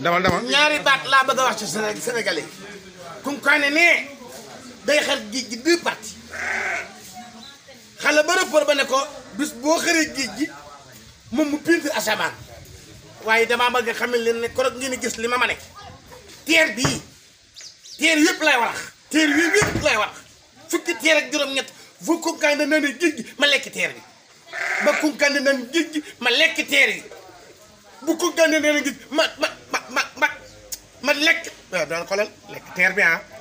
demal demal ñaari baat laa bëgg a wax ci Sénégalais yi nee day xar géej gi deux parties xale ba rapport ba ne ko bis boo xëree géej gi moom mu pintir asamaan waaye damaa bëgg xamal leen ne korog ngeen gis li ma ma ne teer bii teer yëpp lay warax teer yii yëpp lay ma lekk teer bi ba Kounkané naan géej gi ma lekk teer yi bu Kounkané naan géej ma lekk waaw daan xoolal lekk teer bi ah